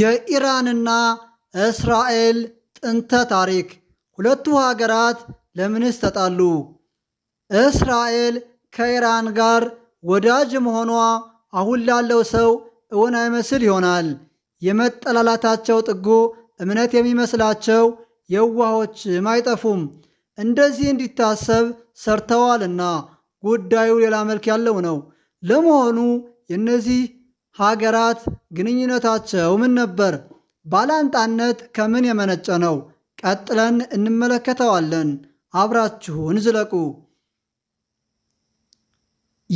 የኢራንና እስራኤል ጥንተ ታሪክ። ሁለቱ ሀገራት ለምንስ ተጣሉ? እስራኤል ከኢራን ጋር ወዳጅ መሆኗ አሁን ላለው ሰው እውን አይመስል ይሆናል። የመጠላላታቸው ጥጉ እምነት የሚመስላቸው የዋሆችም አይጠፉም። እንደዚህ እንዲታሰብ ሰርተዋልና ጉዳዩ ሌላ መልክ ያለው ነው። ለመሆኑ የእነዚህ ሀገራት ግንኙነታቸው ምን ነበር? ባላንጣነት ከምን የመነጨ ነው? ቀጥለን እንመለከተዋለን። አብራችሁን ዝለቁ።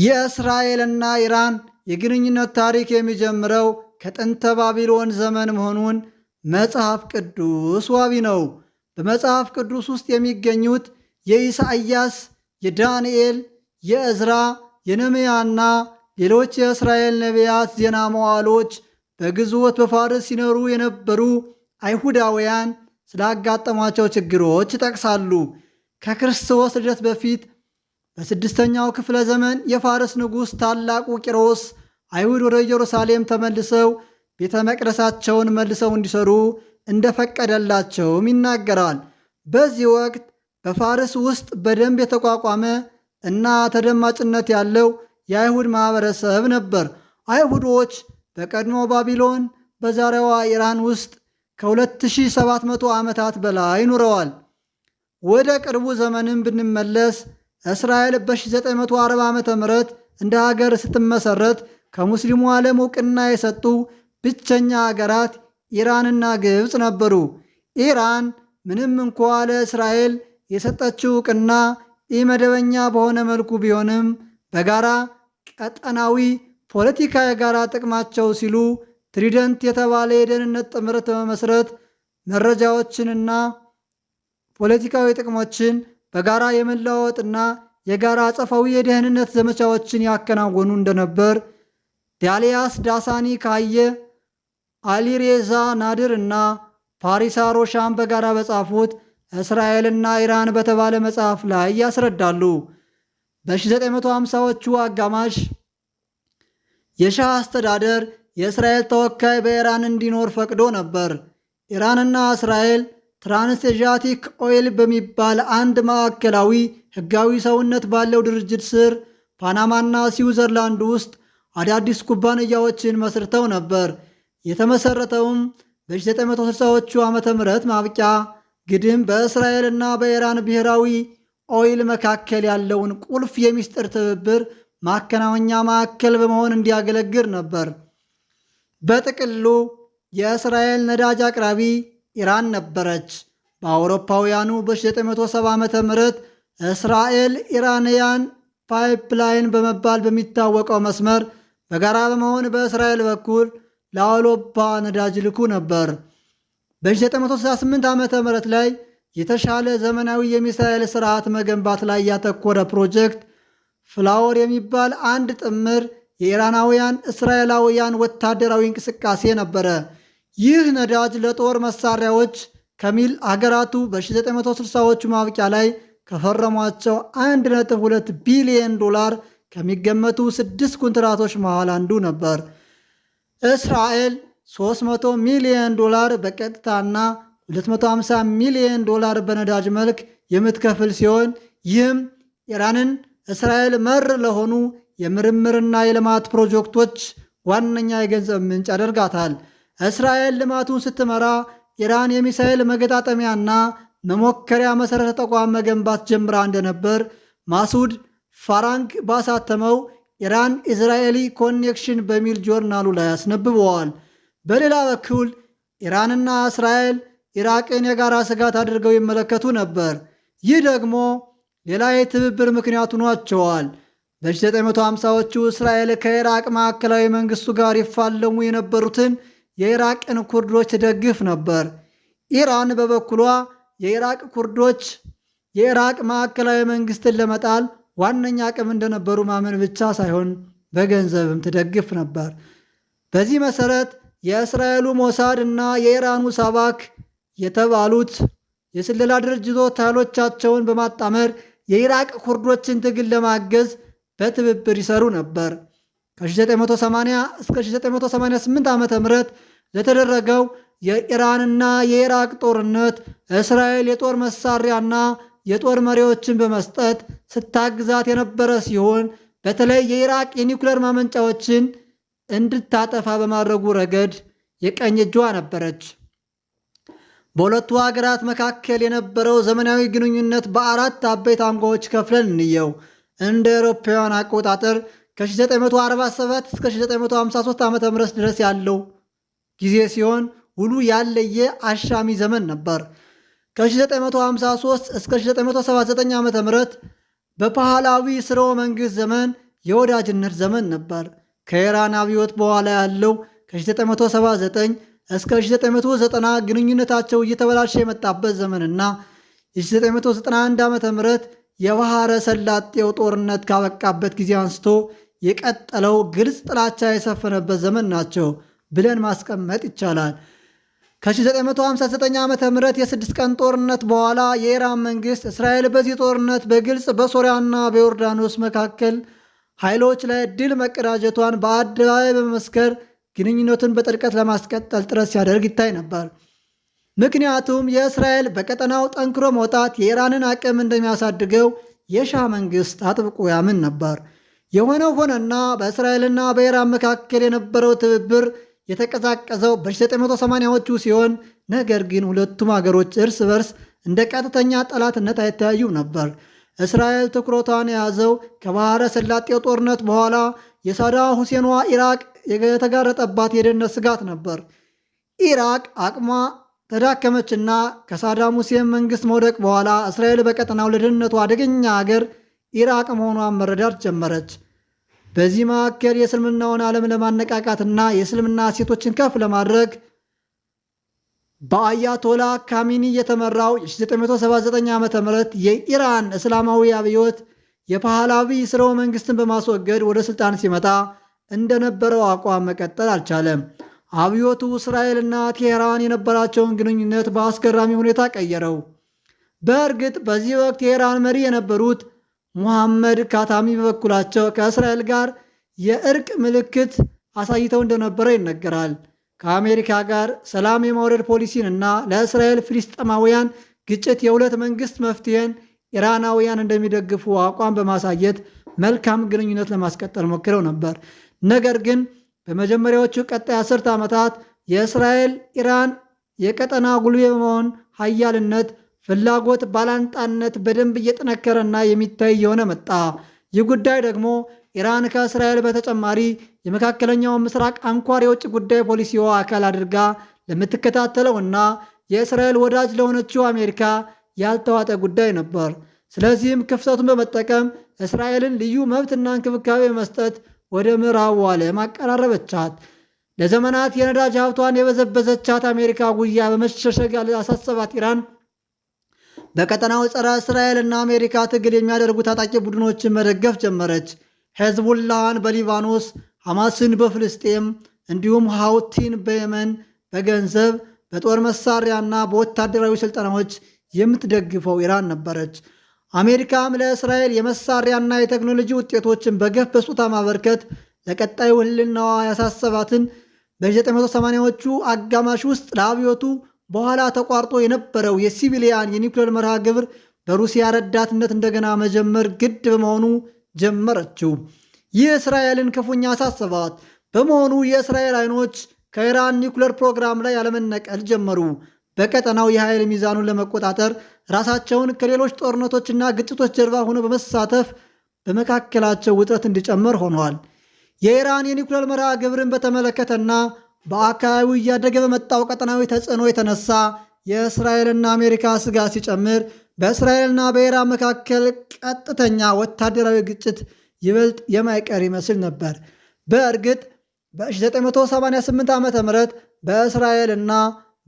የእስራኤልና ኢራን የግንኙነት ታሪክ የሚጀምረው ከጥንተ ባቢሎን ዘመን መሆኑን መጽሐፍ ቅዱስ ዋቢ ነው። በመጽሐፍ ቅዱስ ውስጥ የሚገኙት የኢሳይያስ፣ የዳንኤል፣ የእዝራ፣ የነምያና ሌሎች የእስራኤል ነቢያት ዜና መዋሎች በግዞት በፋርስ ሲኖሩ የነበሩ አይሁዳውያን ስላጋጠሟቸው ችግሮች ይጠቅሳሉ። ከክርስቶስ ልደት በፊት በስድስተኛው ክፍለ ዘመን የፋርስ ንጉሥ ታላቁ ቂሮስ አይሁድ ወደ ኢየሩሳሌም ተመልሰው ቤተ መቅደሳቸውን መልሰው እንዲሰሩ እንደፈቀደላቸውም ይናገራል። በዚህ ወቅት በፋርስ ውስጥ በደንብ የተቋቋመ እና ተደማጭነት ያለው የአይሁድ ማኅበረሰብ ነበር። አይሁዶች በቀድሞ ባቢሎን በዛሬዋ ኢራን ውስጥ ከ2700 ዓመታት በላይ ኑረዋል። ወደ ቅርቡ ዘመንም ብንመለስ እስራኤል በ940 ዓ ም እንደ ሀገር ስትመሰረት ከሙስሊሙ ዓለም እውቅና የሰጡ ብቸኛ አገራት ኢራንና ግብፅ ነበሩ። ኢራን ምንም እንኳ ለእስራኤል የሰጠችው እውቅና ኢመደበኛ በሆነ መልኩ ቢሆንም በጋራ ቀጠናዊ ፖለቲካ የጋራ ጥቅማቸው ሲሉ ትሪደንት የተባለ የደህንነት ጥምረት በመመስረት መረጃዎችንና ፖለቲካዊ ጥቅሞችን በጋራ የመለዋወጥና የጋራ አጸፋዊ የደህንነት ዘመቻዎችን ያከናወኑ እንደነበር ዳሊያስ ዳሳኒ ካየ፣ አሊሬዛ ናድር እና ፓሪሳ ሮሻን በጋራ በጻፉት እስራኤልና ኢራን በተባለ መጽሐፍ ላይ ያስረዳሉ። በ1950ዎቹ አጋማሽ የሻህ አስተዳደር የእስራኤል ተወካይ በኢራን እንዲኖር ፈቅዶ ነበር። ኢራንና እስራኤል ትራንስኤዥያቲክ ኦይል በሚባል አንድ ማዕከላዊ ሕጋዊ ሰውነት ባለው ድርጅት ስር ፓናማና ስዊዘርላንድ ውስጥ አዳዲስ ኩባንያዎችን መስርተው ነበር። የተመሰረተውም በ1960ዎቹ ዓመተ ምህረት ማብቂያ ግድም በእስራኤልና በኢራን ብሔራዊ ኦይል መካከል ያለውን ቁልፍ የሚስጥር ትብብር ማከናወኛ ማዕከል በመሆን እንዲያገለግል ነበር። በጥቅሉ የእስራኤል ነዳጅ አቅራቢ ኢራን ነበረች። በአውሮፓውያኑ በ1970 ዓ ም እስራኤል ኢራንያን ፓይፕላይን በመባል በሚታወቀው መስመር በጋራ በመሆን በእስራኤል በኩል ለአውሮፓ ነዳጅ ልኩ ነበር። በ1968 ዓ ም ላይ የተሻለ ዘመናዊ የሚሳኤል ስርዓት መገንባት ላይ ያተኮረ ፕሮጀክት ፍላወር የሚባል አንድ ጥምር የኢራናውያን እስራኤላውያን ወታደራዊ እንቅስቃሴ ነበረ። ይህ ነዳጅ ለጦር መሳሪያዎች ከሚል አገራቱ በ1960ዎቹ ማብቂያ ላይ ከፈረሟቸው 1.2 ቢሊየን ዶላር ከሚገመቱ ስድስት ኮንትራቶች መሃል አንዱ ነበር። እስራኤል 300 ሚሊዮን ዶላር በቀጥታና 250 ሚሊዮን ዶላር በነዳጅ መልክ የምትከፍል ሲሆን ይህም ኢራንን እስራኤል መር ለሆኑ የምርምርና የልማት ፕሮጀክቶች ዋነኛ የገንዘብ ምንጭ ያደርጋታል። እስራኤል ልማቱን ስትመራ ኢራን የሚሳኤል መገጣጠሚያና መሞከሪያ መሠረተ ተቋም መገንባት ጀምራ እንደነበር ማሱድ ፋራንክ ባሳተመው ኢራን ኢዝራኤሊ ኮኔክሽን በሚል ጆርናሉ ላይ አስነብበዋል። በሌላ በኩል ኢራንና እስራኤል ኢራቅን የጋራ ስጋት አድርገው ይመለከቱ ነበር። ይህ ደግሞ ሌላ የትብብር ምክንያት ሆኗቸዋል። በ1950ዎቹ እስራኤል ከኢራቅ ማዕከላዊ መንግስቱ ጋር ይፋለሙ የነበሩትን የኢራቅን ኩርዶች ትደግፍ ነበር። ኢራን በበኩሏ የኢራቅ ኩርዶች የኢራቅ ማዕከላዊ መንግስትን ለመጣል ዋነኛ አቅም እንደነበሩ ማመን ብቻ ሳይሆን በገንዘብም ትደግፍ ነበር። በዚህ መሰረት የእስራኤሉ ሞሳድ እና የኢራኑ ሳባክ የተባሉት የስለላ ድርጅቶች ኃይሎቻቸውን በማጣመር የኢራቅ ኩርዶችን ትግል ለማገዝ በትብብር ይሰሩ ነበር። ከ1980 እስከ 1988 ዓ ም ለተደረገው የኢራንና የኢራቅ ጦርነት እስራኤል የጦር መሳሪያና የጦር መሪዎችን በመስጠት ስታግዛት የነበረ ሲሆን በተለይ የኢራቅ የኒውክለር ማመንጫዎችን እንድታጠፋ በማድረጉ ረገድ የቀኝ እጇ ነበረች። በሁለቱ ሀገራት መካከል የነበረው ዘመናዊ ግንኙነት በአራት አበይት አንጓዎች ከፍለን እንየው። እንደ አውሮፓውያን አቆጣጠር ከ1947 እስከ 1953 ዓ ም ድረስ ያለው ጊዜ ሲሆን ውሉ ያለየ አሻሚ ዘመን ነበር። ከ1953 እስከ 1979 ዓ ም በፓህላዊ ስርወ መንግሥት ዘመን የወዳጅነት ዘመን ነበር። ከኢራን አብዮት በኋላ ያለው ከ1979 እስከ 1990 ግንኙነታቸው እየተበላሸ የመጣበት ዘመንና 1991 ም የባህረ ሰላጤው ጦርነት ካበቃበት ጊዜ አንስቶ የቀጠለው ግልጽ ጥላቻ የሰፈነበት ዘመን ናቸው ብለን ማስቀመጥ ይቻላል። ከ1959 ዓ ም የስድስት ቀን ጦርነት በኋላ የኢራን መንግስት እስራኤል በዚህ ጦርነት በግልጽ በሶሪያና በዮርዳኖስ መካከል ኃይሎች ላይ ድል መቀዳጀቷን በአደባባይ በመመስከር ግንኙነቱን በጥልቀት ለማስቀጠል ጥረት ሲያደርግ ይታይ ነበር። ምክንያቱም የእስራኤል በቀጠናው ጠንክሮ መውጣት የኢራንን አቅም እንደሚያሳድገው የሻ መንግስት አጥብቆ ያምን ነበር። የሆነው ሆነና በእስራኤልና በኢራን መካከል የነበረው ትብብር የተቀዛቀዘው በ1980ዎቹ ሲሆን ነገር ግን ሁለቱም አገሮች እርስ በርስ እንደ ቀጥተኛ ጠላትነት አይተያዩም ነበር። እስራኤል ትኩረቷን የያዘው ከባሕረ ሰላጤው ጦርነት በኋላ የሳዳም ሁሴኗ ኢራቅ የተጋረጠባት የደህንነት ስጋት ነበር። ኢራቅ አቅሟ ተዳከመችና ከሳዳም ሁሴን መንግስት መውደቅ በኋላ እስራኤል በቀጠናው ለደህንነቱ አደገኛ አገር ኢራቅ መሆኗን መረዳት ጀመረች። በዚህ መካከል የእስልምናውን ዓለም ለማነቃቃትና የእስልምና ሴቶችን ከፍ ለማድረግ በአያቶላ ካሚኒ የተመራው 1979 ዓ ም የኢራን እስላማዊ አብዮት የፓህላዊ ስርወ መንግስትን በማስወገድ ወደ ሥልጣን ሲመጣ እንደነበረው አቋም መቀጠል አልቻለም። አብዮቱ እስራኤልና ቴሄራን የነበራቸውን ግንኙነት በአስገራሚ ሁኔታ ቀየረው። በእርግጥ በዚህ ወቅት የኢራን መሪ የነበሩት ሙሐመድ ካታሚ በበኩላቸው ከእስራኤል ጋር የእርቅ ምልክት አሳይተው እንደነበረ ይነገራል። ከአሜሪካ ጋር ሰላም የማውረድ ፖሊሲን እና ለእስራኤል ፍልስጤማውያን ግጭት የሁለት መንግስት መፍትሄን ኢራናውያን እንደሚደግፉ አቋም በማሳየት መልካም ግንኙነት ለማስቀጠል ሞክረው ነበር። ነገር ግን በመጀመሪያዎቹ ቀጣይ አስርተ ዓመታት የእስራኤል ኢራን የቀጠና ጉልቤ በመሆን ሀያልነት ፍላጎት ባላንጣነት በደንብ እየጠነከረና የሚታይ የሆነ መጣ። ይህ ጉዳይ ደግሞ ኢራን ከእስራኤል በተጨማሪ የመካከለኛው ምስራቅ አንኳር የውጭ ጉዳይ ፖሊሲዋ አካል አድርጋ ለምትከታተለውና የእስራኤል ወዳጅ ለሆነችው አሜሪካ ያልተዋጠ ጉዳይ ነበር። ስለዚህም ክፍተቱን በመጠቀም እስራኤልን ልዩ መብትና እንክብካቤ መስጠት ወደ ምዕራቡ ዓለም አቀራረበቻት። ለዘመናት የነዳጅ ሀብቷን የበዘበዘቻት አሜሪካ ጉያ በመሸሸግ ያሳሰባት ኢራን በቀጠናው ጸረ እስራኤልና አሜሪካ ትግል የሚያደርጉ ታጣቂ ቡድኖችን መደገፍ ጀመረች። ሄዝቡላህን በሊባኖስ፣ ሐማስን በፍልስጤም እንዲሁም ሀውቲን በየመን በገንዘብ በጦር መሳሪያና በወታደራዊ ስልጠናዎች የምትደግፈው ኢራን ነበረች። አሜሪካም ለእስራኤል የመሳሪያና የቴክኖሎጂ ውጤቶችን በገፍ በስጦታ ማበርከት ለቀጣዩ ሕልናዋ ያሳሰባትን በ1980ዎቹ አጋማሽ ውስጥ ለአብዮቱ በኋላ ተቋርጦ የነበረው የሲቪሊያን የኒውክሌር መርሃ ግብር በሩሲያ ረዳትነት እንደገና መጀመር ግድ በመሆኑ ጀመረችው። ይህ እስራኤልን ክፉኛ አሳሰባት። በመሆኑ የእስራኤል አይኖች ከኢራን ኒውክሌር ፕሮግራም ላይ ያለመነቀል ጀመሩ። በቀጠናው የኃይል ሚዛኑን ለመቆጣጠር ራሳቸውን ከሌሎች ጦርነቶችና ግጭቶች ጀርባ ሆኖ በመሳተፍ በመካከላቸው ውጥረት እንዲጨምር ሆኗል። የኢራን የኒውክሌር መርሃ ግብርን በተመለከተና በአካባቢው እያደገ በመጣው ቀጠናዊ ተጽዕኖ የተነሳ የእስራኤልና አሜሪካ ስጋት ሲጨምር በእስራኤልና በኢራን መካከል ቀጥተኛ ወታደራዊ ግጭት ይበልጥ የማይቀር ይመስል ነበር። በእርግጥ በ1988 ዓ ም በእስራኤልና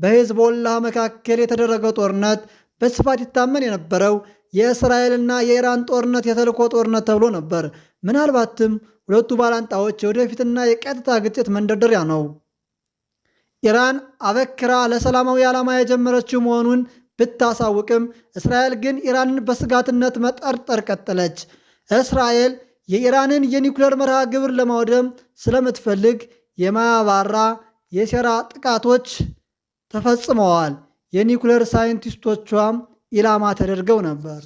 በሄዝቦላ መካከል የተደረገው ጦርነት በስፋት ይታመን የነበረው የእስራኤልና የኢራን ጦርነት የተልእኮ ጦርነት ተብሎ ነበር። ምናልባትም ሁለቱ ባላንጣዎች የወደፊትና የቀጥታ ግጭት መንደርደሪያ ነው። ኢራን አበክራ ለሰላማዊ ዓላማ የጀመረችው መሆኑን ብታሳውቅም እስራኤል ግን ኢራንን በስጋትነት መጠርጠር ቀጠለች። እስራኤል የኢራንን የኒውክሌር መርሃ ግብር ለማውደም ስለምትፈልግ የማያባራ የሴራ ጥቃቶች ተፈጽመዋል። የኒውክሌር ሳይንቲስቶቿም ኢላማ ተደርገው ነበር።